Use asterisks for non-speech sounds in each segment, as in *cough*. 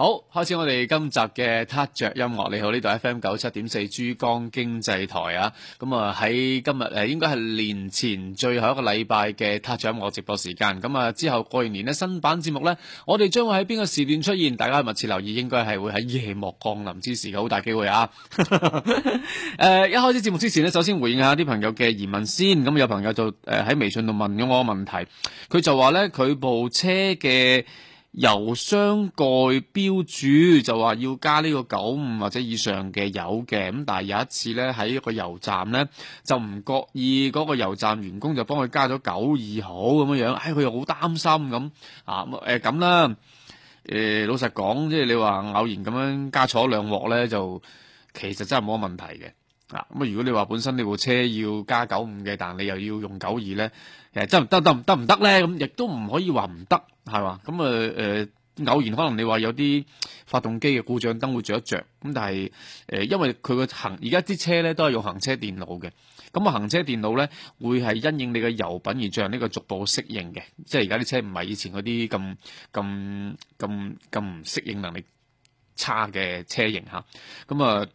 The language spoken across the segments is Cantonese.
好，開始我哋今集嘅 Touch 音樂。你好，呢度 FM 九七點四珠江經濟台啊。咁啊喺今日誒，應該係年前最後一個禮拜嘅 Touch 音樂直播時間。咁啊之後過完年呢，新版節目呢，我哋將會喺邊個時段出現？大家密切留意，應該係會喺夜幕降臨之時嘅好大機會啊。誒， *laughs* 一開始節目之前呢，首先回應一下啲朋友嘅疑問先。咁有朋友就誒喺微信度問咗我個問題，佢就話呢，佢部車嘅。油箱蓋標註就話要加呢個九五或者以上嘅油嘅，咁但係有一次咧喺一個油站咧就唔覺意嗰個油站員工就幫佢加咗九二號咁樣唉佢又好擔心咁啊，誒咁啦，老實講即係你話偶然咁樣加錯兩鑊咧，就其實真係冇乜問題嘅。啊，咁啊！如果你話本身你部車要加九五嘅，但係你又要用九二咧，誒，真唔得得得唔得咧？咁亦都唔可以話唔得，係嘛？咁啊誒，偶然可能你話有啲發動機嘅故障燈會着一着，咁但係誒，因為佢個行而家啲車咧都係用行車電腦嘅，咁啊行車電腦咧會係因應你嘅油品而進行呢個逐步適應嘅，即係而家啲車唔係以前嗰啲咁咁咁咁唔適應能力差嘅車型嚇，咁啊。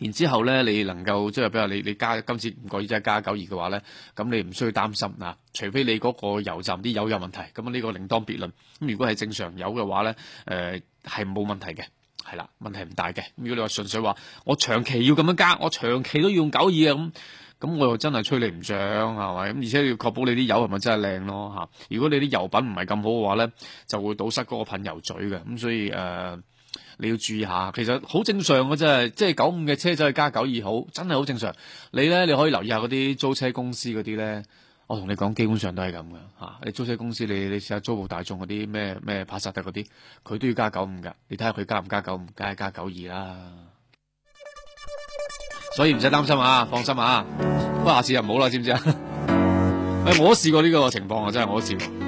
然之後咧，你能夠即係比如你你加今次唔覺意即係加九二嘅話咧，咁你唔需要擔心，除非你嗰個油站啲油有問題，咁呢個另當別論。咁如果係正常油嘅話咧，誒係冇問題嘅，係啦，問題唔大嘅。咁如果你話純粹話我長期要咁樣加，我長期都要用九二呀，咁，咁我又真係吹你唔漲係咪？咁而且要確保你啲油係咪真係靚咯吓。如果你啲油品唔係咁好嘅話咧，就會堵塞嗰個噴油嘴嘅。咁所以誒。呃你要注意下，其實好正常嘅啫，即係九五嘅車仔加九二好，真係好正常。你咧你可以留意下嗰啲租車公司嗰啲咧，我同你講基本上都係咁嘅嚇。你租車公司你你試下租部大眾嗰啲咩咩帕薩特嗰啲，佢都要加九五㗎。你睇下佢加唔加九五，梗係加九二啦。所以唔使擔心啊，放心啊。不過下次又唔好啦，知唔知啊？喂、 *laughs* 哎，我試試過呢個情況啊，真係我試試過。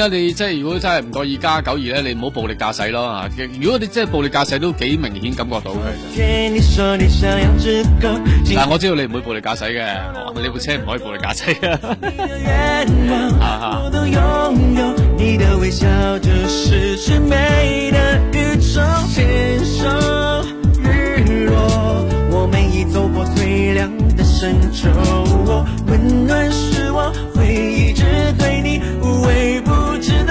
那你即係，如果真係唔覺意加九二咧，你唔好暴力駕駛咯吓。如果你真係暴力駕駛，都幾明顯感覺到佢。但我知道你唔會暴力駕駛嘅，你部車唔可以暴力駕駛。你的 *laughs*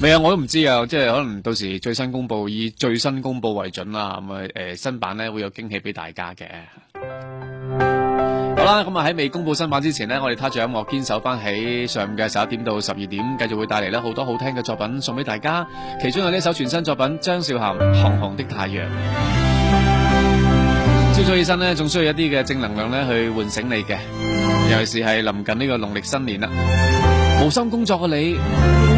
未啊，我都唔知啊，即係可能到時最新公布，以最新公布為準啦。咁啊，誒，新版咧會有驚喜俾大家嘅。好啦，咁啊喺未公布新版之前咧，我哋 touch 音樂堅守翻喺上午嘅十一點到十二點，繼續會帶嚟，咧好多好聽嘅作品送俾大家。其中有呢首全新作品張韶涵《紅紅的太陽》。朝早起身咧，仲需要一啲嘅正能量咧去喚醒你嘅，尤其是係臨近呢個農曆新年啦。無心工作嘅你。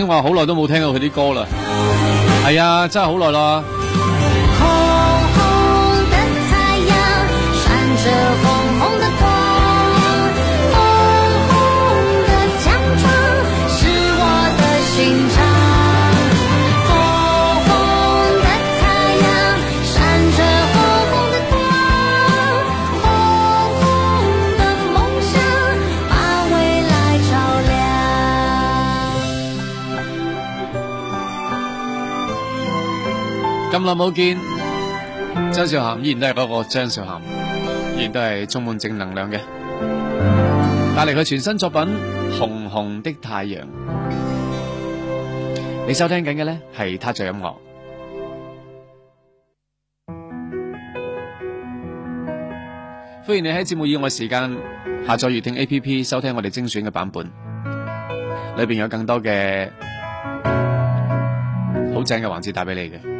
我話好耐都冇聽過佢啲歌啦，係、哎、啊，真係好耐啦。咁耐冇見，張韶涵依然都係嗰個張韶涵，依然都係充滿正能量嘅。帶嚟佢全新作品《紅紅的太陽》。你收聽緊嘅咧係他最音樂，歡迎你喺節目以外時間下載悅聽 A P P 收聽我哋精選嘅版本，裏邊有更多嘅好正嘅環節帶俾你嘅。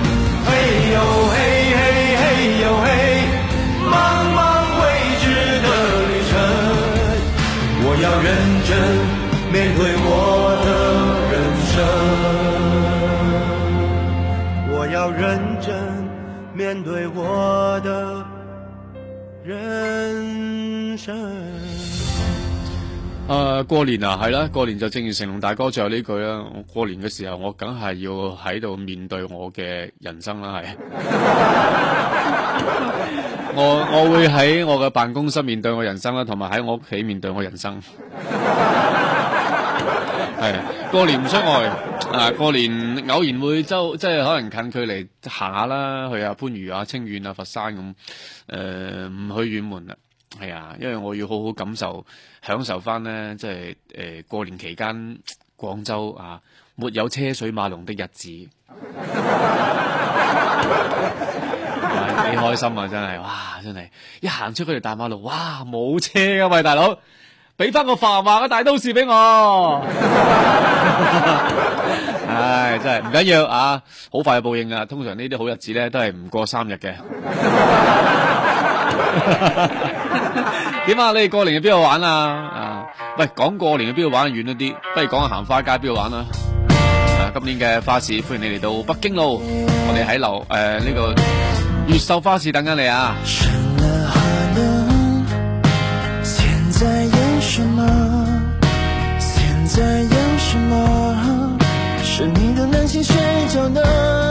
誒、啊，過年啊，係啦，過年就正如成龍大哥最後呢句啦。過年嘅時候，我梗係要喺度面對我嘅人生啦，係。 *laughs* 我會我會喺我嘅辦公室面對我人生啦，同埋喺我屋企面對我人生。係 *laughs* 過年唔出外，啊，過年偶然會周，即係可能近距離行下啦，去下番禺啊、清遠啊、佛山咁、啊，誒、呃，唔去遠門啦、啊。係啊，因為我要好好感受、享受翻呢。即係誒過年期間廣州啊，沒有車水馬龍的日子，幾、 *laughs* 哎、開心啊！真係，哇，真係一行出嗰條大馬路，哇，冇車、 *laughs* *laughs* 哎、啊！喂，大佬，俾翻個繁華嘅大都市俾我，唉，真係唔緊要啊，好快有報應啊！通常呢啲好日子咧都係唔過三日嘅。 *laughs* 哈！點啊？你哋過年去邊度玩啊？啊，喂，講過年去邊度玩遠一啲，不如講下行花街邊度玩啦，啊。啊，今年嘅花市歡迎你嚟到北京路，我哋喺樓誒呢個越秀花市等緊你啊。 *music*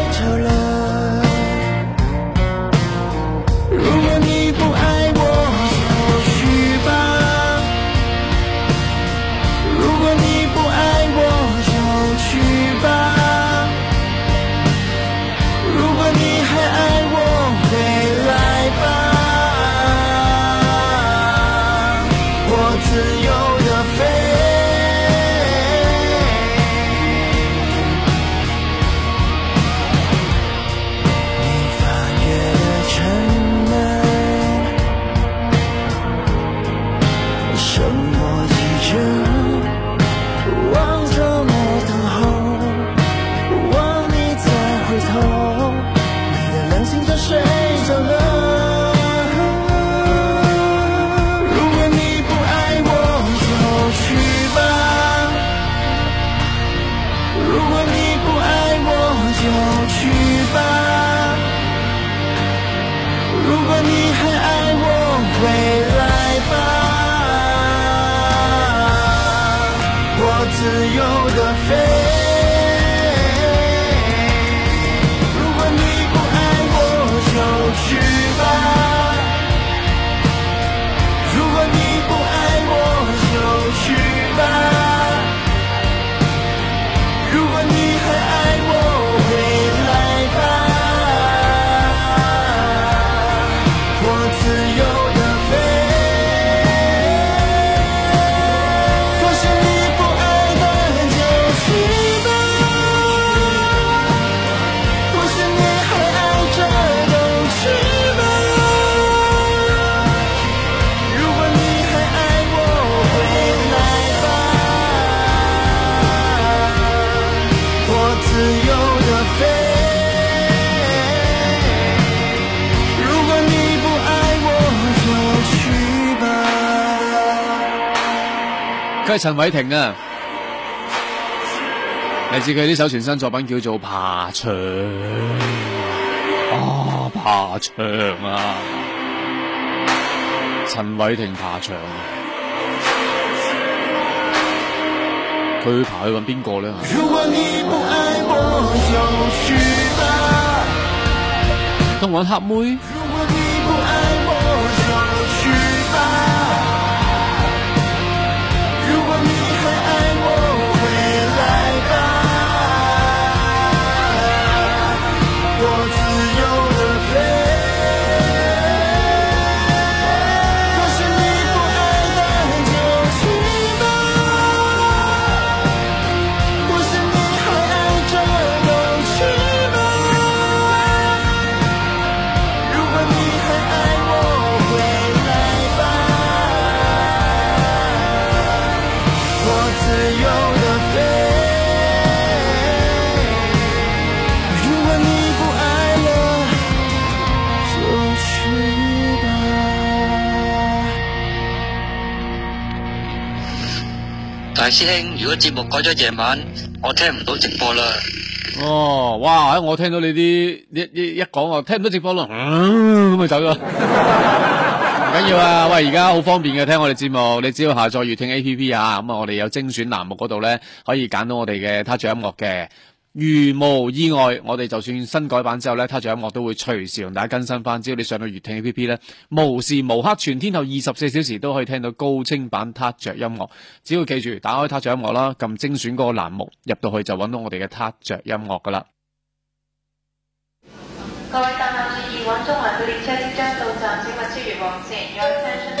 陳偉霆啊，你知佢呢首全新作品叫做《爬牆》啊，爬牆啊，陳偉霆爬牆，佢會爬去搵邊個呢？都搵黑妹。師兄，如果節目改咗夜晚，我聽唔到直播啦。哦，哇，我聽到你啲一一一講啊，聽唔到直播啦，咁咪走咗。唔緊要啊， *laughs* 係啊 *laughs* 喂，而家好方便嘅，聽我哋節目，你只要下載粵聽 A P P 啊，咁啊，我哋有精選欄目嗰度咧，可以揀到我哋嘅 touch 的音樂嘅。如無意外，我哋就算新改版之後咧，touch 音樂都會隨時同大家更新翻。只要你上到粵聽 A P P 咧，無時無刻全天候二十四小時都可以聽到高清版 touch 音樂。只要記住打開 touch 音樂啦，撳精選嗰個欄目入到去就揾到我哋嘅 touch 音樂噶啦。各位乘客注意，往中環嘅列車即將到站，請勿超越黃線。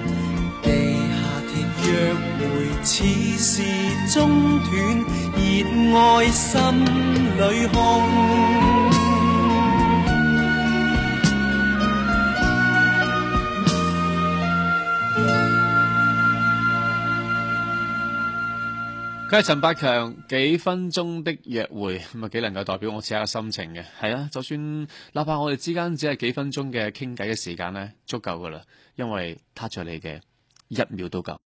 約會似是中斷，熱愛心裏空。佢係陳百強幾分鐘的約會，咁啊，幾能夠代表我此刻嘅心情嘅。係啊，就算哪怕我哋之間只係幾分鐘嘅傾偈嘅時間呢，足夠噶啦，因為他着你嘅一秒都夠。